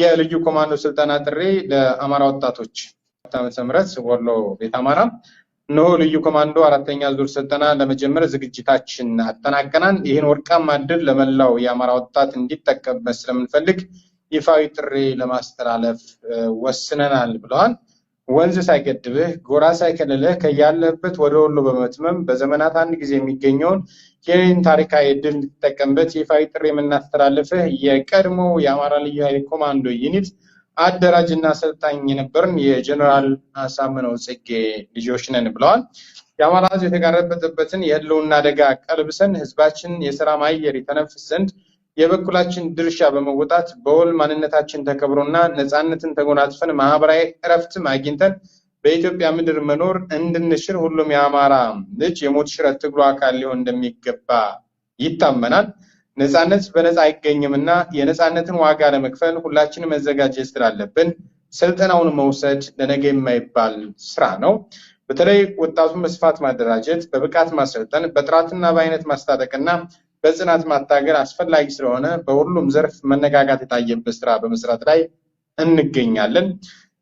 የልዩ ኮማንዶ ስልጠና ጥሪ ለአማራ ወጣቶች ዓመተ ምህረት ወሎ ቤት አማራ እነሆ ልዩ ኮማንዶ አራተኛ ዙር ስልጠና ለመጀመር ዝግጅታችን አጠናቀናል። ይህን ወርቃማ ዕድል ለመላው የአማራ ወጣት እንዲጠቀምበት ስለምንፈልግ ይፋዊ ጥሪ ለማስተላለፍ ወስነናል ብለዋል። ወንዝ ሳይገድብህ ጎራ ሳይከልልህ ከያለህበት ወደ ወሎ በመትመም በዘመናት አንድ ጊዜ የሚገኘውን የኔን ታሪካዊ እድል እንድትጠቀምበት ይፋዊ ጥሪ የምናስተላልፍህ የቀድሞ የአማራ ልዩ ኃይል ኮማንዶ ዩኒት አደራጅና አሰልጣኝ የነበርን የጀኔራል አሳምነው ጽጌ ልጆች ነን ብለዋል። የአማራ ህዝብ የተጋረጠበትን የህልውና አደጋ ቀልብሰን ህዝባችን የስራ ማየር የተነፍስ ዘንድ የበኩላችን ድርሻ በመወጣት በወል ማንነታችን ተከብሮና ነፃነትን ተጎናጽፈን ማህበራዊ እረፍትም አግኝተን በኢትዮጵያ ምድር መኖር እንድንችል ሁሉም የአማራ ልጅ የሞት ሽረት ትግሉ አካል ሊሆን እንደሚገባ ይታመናል። ነፃነት በነፃ አይገኝምና የነፃነትን ዋጋ ለመክፈል ሁላችንም መዘጋጀት ስላለብን ስልጠናውን መውሰድ ለነገ የማይባል ስራ ነው። በተለይ ወጣቱን በስፋት ማደራጀት፣ በብቃት ማሰልጠን፣ በጥራትና በአይነት ማስታጠቅና በጽናት ማታገል አስፈላጊ ስለሆነ በሁሉም ዘርፍ መነቃቃት የታየበት ስራ በመስራት ላይ እንገኛለን።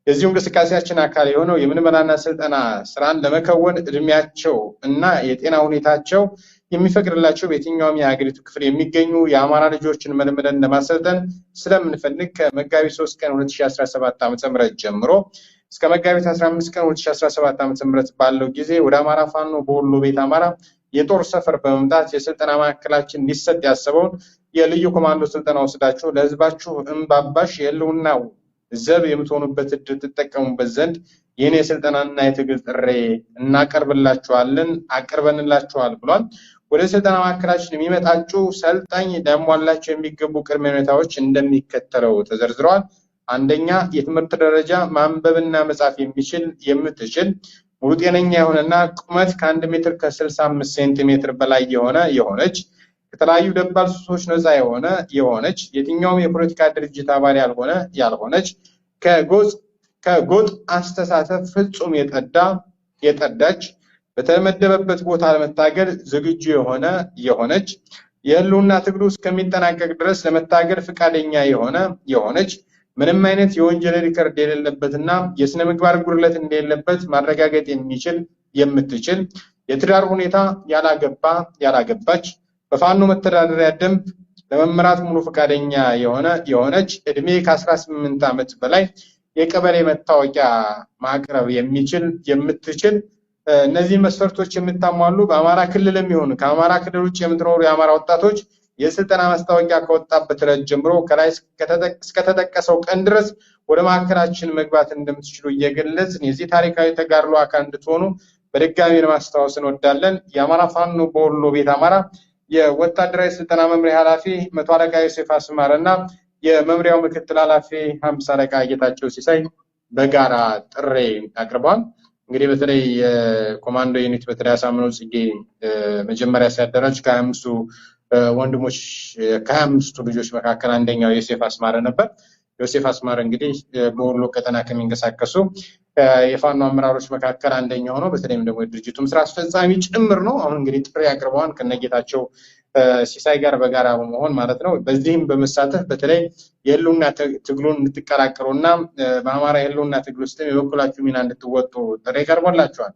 የዚሁ እንቅስቃሴያችን አካል የሆነው የምርመራና ስልጠና ስራን ለመከወን እድሜያቸው እና የጤና ሁኔታቸው የሚፈቅድላቸው በየትኛውም የሀገሪቱ ክፍል የሚገኙ የአማራ ልጆችን መልምለን ለማሰልጠን ስለምንፈልግ ከመጋቢት 3 ቀን 2017 ዓ ም ጀምሮ እስከ መጋቢት 15 ቀን 2017 ዓ ም ባለው ጊዜ ወደ አማራ ፋኖ በወሎ ቤት አማራ የጦር ሰፈር በመምጣት የስልጠና ማዕከላችን ሊሰጥ ያሰበውን የልዩ ኮማንዶ ስልጠና ወስዳችሁ ለህዝባችሁ እምባባሽ የህልውናው ዘብ የምትሆኑበት እድል ትጠቀሙበት ዘንድ ይህን የስልጠናና የትግል ጥሪ እናቀርብላችኋለን አቅርበንላችኋል ብሏል። ወደ ስልጠና ማዕከላችን የሚመጣችሁ ሰልጣኝ ሊያሟላቸው የሚገቡ ቅድመ ሁኔታዎች እንደሚከተለው ተዘርዝረዋል። አንደኛ የትምህርት ደረጃ ማንበብና መጻፍ የሚችል የምትችል ሙሉ ጤነኛ የሆነና ቁመት ከአንድ ሜትር ከስልሳ አምስት ሴንቲሜትር በላይ የሆነ የሆነች ከተለያዩ ደባል ሱሶች ነፃ የሆነ የሆነች የትኛውም የፖለቲካ ድርጅት አባል ያልሆነ ያልሆነች ከጎጥ አስተሳሰብ ፍጹም የጠዳ የጠዳች በተመደበበት ቦታ ለመታገል ዝግጁ የሆነ የሆነች የህልውና ትግሉ እስከሚጠናቀቅ ድረስ ለመታገል ፈቃደኛ የሆነ የሆነች ምንም አይነት የወንጀል ሪከርድ እና የስነ ምግባር ጉድለት እንደሌለበት ማረጋገጥ የሚችል የምትችል የትዳር ሁኔታ ያላገባ ያላገባች በፋኖ መተዳደሪያ ደንብ ለመምራት ሙሉ ፈቃደኛ የሆነ የሆነች እድሜ ከ18 ዓመት በላይ የቀበሌ መታወቂያ ማቅረብ የሚችል የምትችል እነዚህ መስፈርቶች የምታሟሉ በአማራ ክልል የሚሆኑ ከአማራ ክልል ውጭ የምትኖሩ የአማራ ወጣቶች የስልጠና ማስታወቂያ ከወጣበት ዕለት ጀምሮ ከላይ እስከተጠቀሰው ቀን ድረስ ወደ ማዕከላችን መግባት እንደምትችሉ እየገለጽን የዚህ ታሪካዊ ተጋድሎ አካል እንድትሆኑ በድጋሚ ለማስታወስ እንወዳለን። የአማራ ፋኖ በወሎ ቤት አማራ የወታደራዊ ስልጠና መምሪያ ኃላፊ መቶ አለቃ ዮሴፍ አስማረ እና የመምሪያው ምክትል ኃላፊ ሀምሳ አለቃ ጌታቸው ሲሳይ በጋራ ጥሪ አቅርበዋል። እንግዲህ በተለይ የኮማንዶ ዩኒት በተለይ አሳምነው ጽጌ መጀመሪያ ሲያደራጅ ከሀያ አምስቱ ወንድሞች ከአምስቱ ልጆች መካከል አንደኛው ዮሴፍ አስማረ ነበር። ዮሴፍ አስማረ እንግዲህ በወሎ ቀጠና ከሚንቀሳቀሱ የፋኖ አመራሮች መካከል አንደኛው ነው። በተለይም ደግሞ የድርጅቱም ስራ አስፈጻሚ ጭምር ነው። አሁን እንግዲህ ጥሪ አቅርበዋል ከነጌታቸው ሲሳይ ጋር በጋራ በመሆን ማለት ነው። በዚህም በመሳተፍ በተለይ የህልውና ትግሉን እንድትቀላቀሉ እና በአማራ የህልውና ትግል ውስጥም የበኩላችሁ ሚና እንድትወጡ ጥሪ ቀርቦላችኋል።